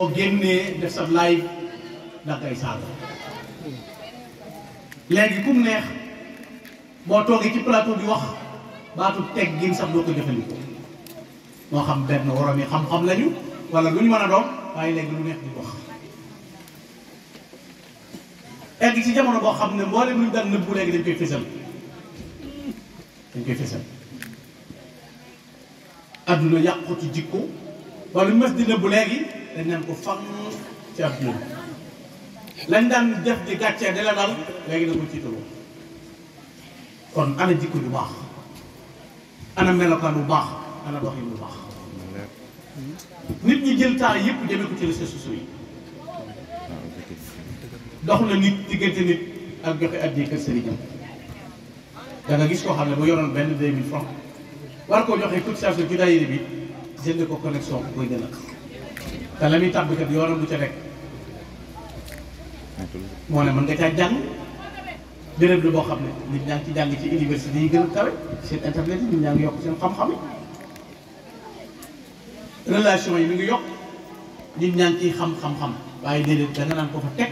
boo génnee def sa live da ngay saaga léegi ku mu neex boo toogee ci plateau bi wax baatu teg gin sax doo ko jëfandikoo moo xam benn woroom yi xam-xam lañu wala lu ñu a doon waaye léegi lu neex di wax egg ci jamono boo xam ne mboolem lu ñu daan nëbbu léegi dañ koy fésal dañ koy fésal adduna yàqu ci jikko wala mës di nëbbu léegi dañ naan ko fang ci ab moom lañ daan def di gàccee di la dal léegi da ko tiitaloo kon ana jikko bu baax ana melokaan bu baax ana doxin bu baax nit ñi jël temps yëpp jëme ko ci réseaux sociaux yi dox na nit diggante nit ak joxe addi kër sëriñam da nga gis koo xam ne bu yoroon benn deux mille francs war koo joxe cotisation ci daayira bi jënd ko connexion bu koy gën a te la muy tàbbkat yoonam du ca rek moo ne mën nga caa jàng béréb la boo xam ne nit ñaa ci jàng ci université yi gën a kawe seen internet yi nit ñaa yokk seen xam-xam yi relation yi mi ngi yokk waaye déedéet da nga naan ko fa teg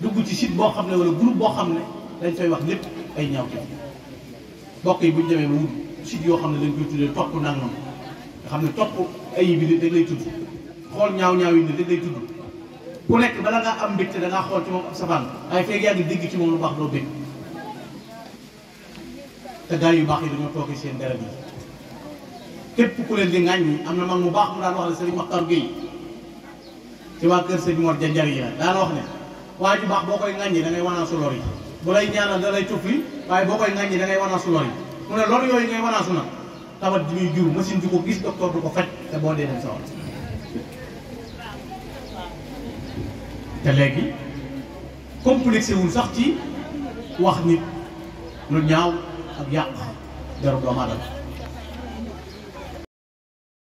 dugg ci site boo xam ne wala groupe boo xam ne dañ koy wax lépp ay ñaaw ci bokk yi bu ñu mu ba yoo xam ne dañ koy tuddee topp nangam nga xam ne topp ay bi dañ lay tudd xool ñaaw-ñaaw yi ne dañ tudd ku nekk bala ngaa am mbégte da ngaa xool ci moom ab sabaan waaye feeg yaa ngi dégg ci moom lu baax doo bég te gaa yu baax yi dañoo toogee seen dara yi képp ku leen di ŋàññi am na mag mu baax mu daan wax ne Serigne Makhtar Gueye ci waa kër Serigne Mor Janjar yi la daan wax ne waa ju baax boo koy ŋàññi da ngay wanaa su lor yi bu lay la da lay cofli waaye boo koy ŋàññi da ngay wanaa su lor yi mu ne lor yooyu ngay wanaa su na ko gis docteur ko boo dee te léegi complexé wul sax ci wax nit lu ñaaw ak yàq deru doomu aadama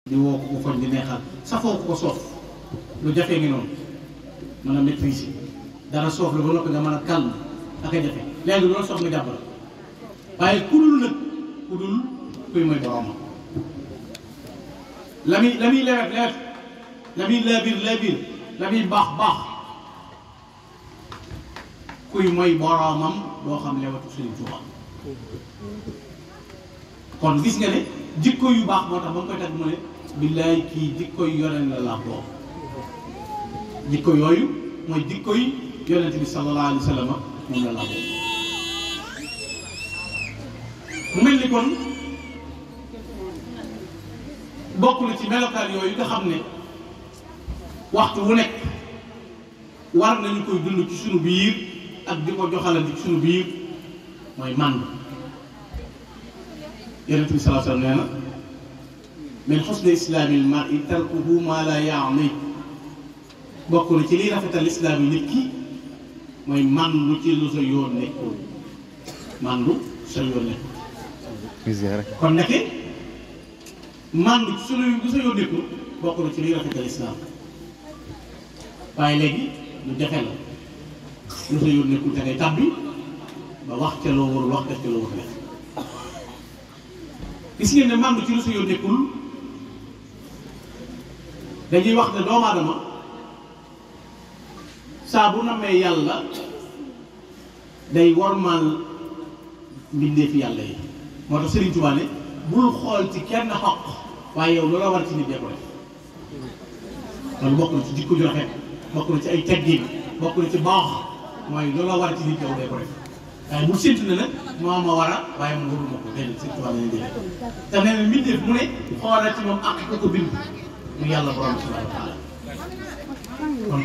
di woo ko ko di neexal safoo ko soof lu jafee ngi noonu mën a maîtriser dara soof lu ba noppi nga mën a calme ak a jafe léegi loolu soof nga jàpp la waaye ku dul nag ku dul kuy mooy boromam la muy la muy laabir laabir la muy baax baax kuy mooy boroomam xam lewatu Sëriñ Tuubaa kon gis nga ne jikko yu baax moo tax ba mu koy teg mu ne billaay kii jikko yu yonent la làmboo jikko yooyu mooy jikko yi bi sallallahu alayhi moom la làmboo mu mel ni kon bokk na ci melokaan yooyu nga xam ne waxtu wu nekk war nañu koy dund ci sunu biir ak di ko joxalante ci suñu biir mooy mànd yonent bi sallallahu alayhi wa min xusni islaamil mar'i tarkuhu maa laa ya'ni bokk ci liy rafetal islaam yi nit ki mooy ci lu sa yoon nekkul màndu sa yoon kon nekke màndu ci sunu lu sa yoon nekkul ci liy rafetal islaam waaye léegi lu jafe lu sa yoon nekkul da tàbbi ba wax ca loo warul wax def ca loo war def gis ngeen ne ci lu sa yoon nekkul dañuy wax ne doomu aadama saa bu namee yàlla day wormaal mbindeefi yàlla yi moo tax Serigne Touba bul xool ci kenn xoq waaye yow loola war ci nit dee ko def loolu bokk na ci jikko ju rafet bokk na ci ay teggin bokk na ci baax mooy loolu la war ci nit yow day ko def waaye mu séntu ne nag moo ma war a waaye mu warul ma ko benn surtout wàllu yeneen yeneen te nee na mbindeef mu ne xoolal ci moom àq yàlla borom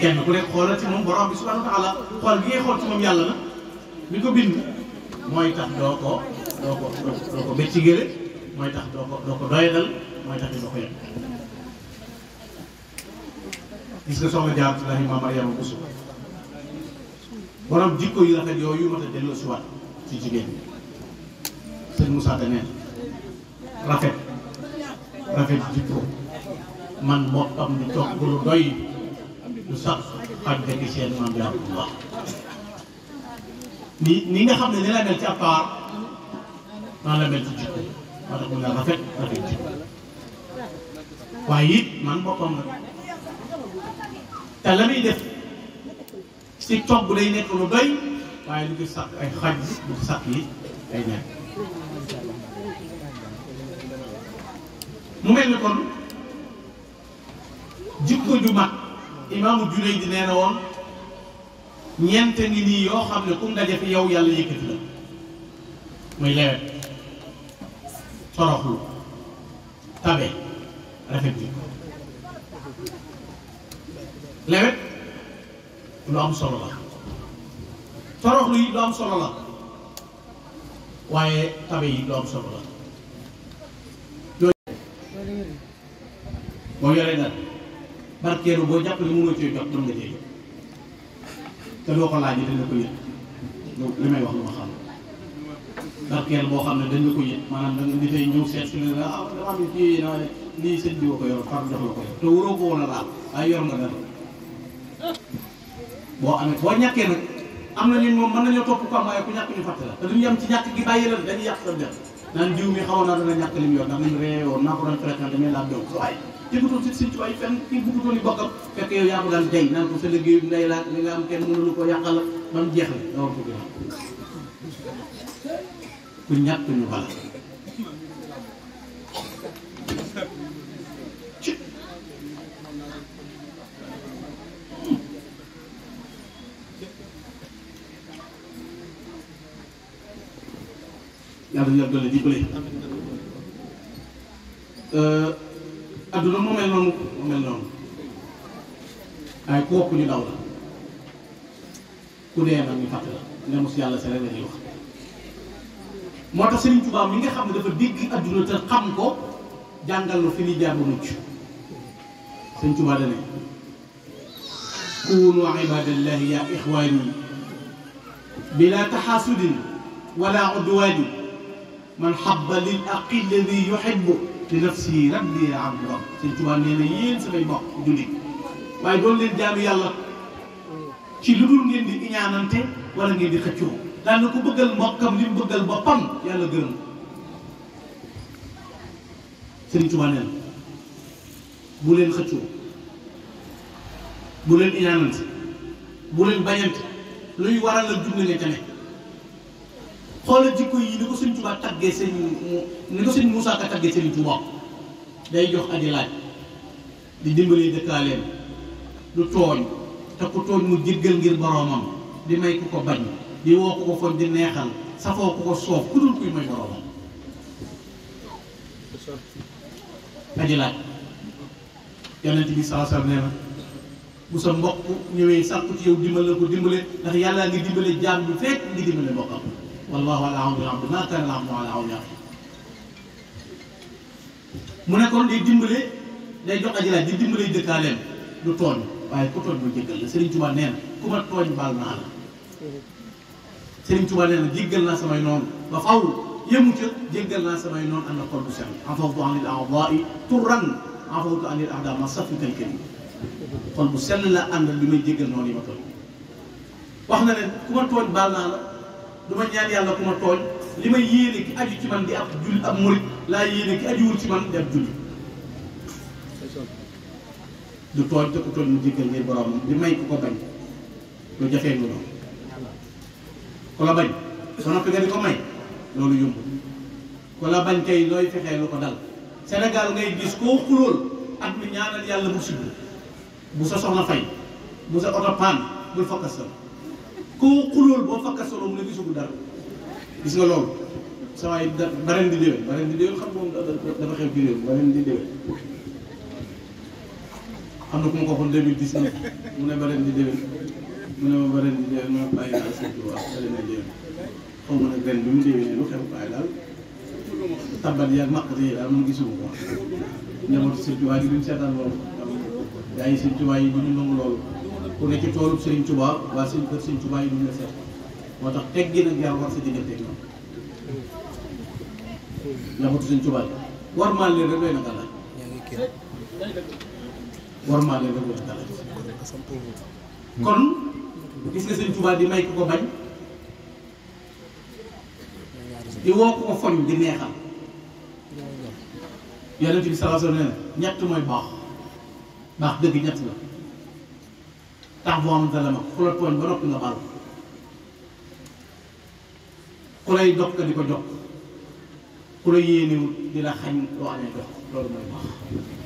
kenn ku ne xoolal ci moom borom bi subhanahu wa xool bi ngay xool ci moom yàlla na mi ko bind mooy tax doo ko doo ko doo ko bëcc gële mooy tax doo ko doo ko doyadal mooy tax doo ko yem gis nga soxna Diagne Sulaima Mariama Bousso borom jikko yu rafet yooyu mat a delloo si waat ci jigéen ñi sëñ Moussa Deme rafet rafet jikko man moo am lu toog lu doy lu sax xaj dëkk seen maam yaa bu baax ni ni nga xam ne ni la mel ci à part la mel ci jikko maa tax mu ne rafet rafet jikko waaye it man boppam la te la muy def. si togg lay nekk lu doy waaye lu ci sàkk ay xaj lu ci sàkk yi day nekk mu mel ni kon jikko ju imaamu Junayd di nee na woon ñeente ngi nii yoo xam ne ku mu daje yow yàlla yëkkati la muy lewet toroxlu tabe rafet jikko lewet lu am solo la toroxlu yi lu am solo la waaye tabe yi lu am solo la moo yore nga barkeelu boo jàpp ne mu nga cee jot mën nga cee te doo ko laajee dina ko may wax lu ma xam barkeelu boo xam ne dañ la ko yëg maanaam da nga nit yi ñëw seet si ne la ah dama am kii lii sëñ bi ko yor far jox la ko te waroo ko woon a laal ay nga dara. boo amee boo ñàkkee nag am na ñun moom mën nañoo topp ko am waaye ku ñàkk ñu fàtte la te duñu yem ci ñàkk gi bàyyi la dañuy yàq sa def naan jiw mi xawoon naa dana ñàkk li mu yor ndax nañ ree woon naa ko doon fréquenté mais laaj doon waaye tëgutoon si suñu tubaab yi fenn kii bëggutoon yi bokkam fekk yaa ko daan jay naan ko sa liggéey nday laaj li nga am kenn mënulu ko yàqal la mu jeex la dawar bëgg la ku ñàkk ñu bala adduna euh, moo mel noonu moo mel noonu waaye ku wopp ñu daw la ku dee nag ñu fàtt la ne mos yàlla sa rek moo tax Serigne Touba mi nga xam ne dafa dégg adduna te xam ko jàngal na fi ni jaar ba mucc Serigne Touba dane kunu ibadallahi ya ixwaani bila taxaasudin wala udwaani man xabba lil aqi alladi yuhibbu li nafsi rabbi abda sëñ Tuubaa nee na yéen samay bokk jullit waaye doon leen jaamu yàlla ci lu dul ngeen di iñaanante wala ngeen di xëccoo daan na ko bëggal mbokkam li mu bëggal boppam yàlla gërëm sëñ Tuubaa nee na bu leen xëccoo bu leen iñaanante bu leen bañante luy waral nga ca ne xoolal jikko yi ni ko sëñ Tuubaa taggee sëñ ni ko sëñ Moussa taggee sëñ Tuubaa day jox aji laaj di dimbalee dëkkaaleem du tooñ te ku tooñ mu jéggal ngir boroomam di may ku ko bañ di woo ku ko foñ di neexal safoo ku ko soof ku dul kuy may boroomam aji laaj bi saa saa nee na bu sa mbokk ñëwee sàkku ci yow dimbale ko dimbale ndax yàlla ngi dimbale jaam bi fekk ngi dimbale mbokkam wallahu ala awni abdi maa kaana al-abdu ala awni abdi mu ne kon day dimbale day jox aji laaj di dimbale dëkkaaleem du tooñ waaye ku tooñ bu jéggal la Serigne Touba nee na ku ma tooñ baal naa la Serigne Touba nee na jéggal naa samay noonu ba faw yëmu ca jéggal naa samay noonu am na xol bu sell afawtu anil a'daa'i turran afawtu anil a'daa ma safital karim xol bu sell la àndal li may jéggal noonu yi ma tooñ wax na leen ku ma tooñ baal naa la dama ñaan yàlla ku ma tooñ li may yéene ki aju ci man di ab jul ab murit laa du may ku ko bañ lu jafee mu loolu yomb ku la bañ kay looy fexee lu ko dal Sénégal ngay gis koo xulóol ak mi ñaanal yàlla musiba bu sa soxna fay bu sa oto paan bul fokkas koo xulóol boo fakka solo mu ne gisagu dara gis nga loolu saa yi da bareen di déwén bareen di déwén xam nga moom dafa xew ci réew bareen di déwén. am na ku ma ko waxoon 2019 mu ne bareen di déwén mu ne ma bareen di déwén ma bàyyi naa seen tubaab bareen di déwén xaw ma nag ren bi mu déwénee lu xew bàyyi daal tabat yi ak maqat yi daal man gisuma ko wax. njabootu seen tubaab yi duñ seetaan loolu yaa ngi seen tubaab yi duñu nangu loolu. ku ne ci waa seen kër moo tax teg gi Touba yi war maa war maa leen rek doy na gàllaaj kon gis nga Serigne Touba di may ku ko bañ di woo ku ko foñ di neexal yonent bi sallallahu alayhi wa ñett mooy baax baax dëgg ñett la tax boo xamante ne la ma ba noppi nga baal ku dog ka di ko dog ku la yéenewul di la xañ loo jox loolu mooy wax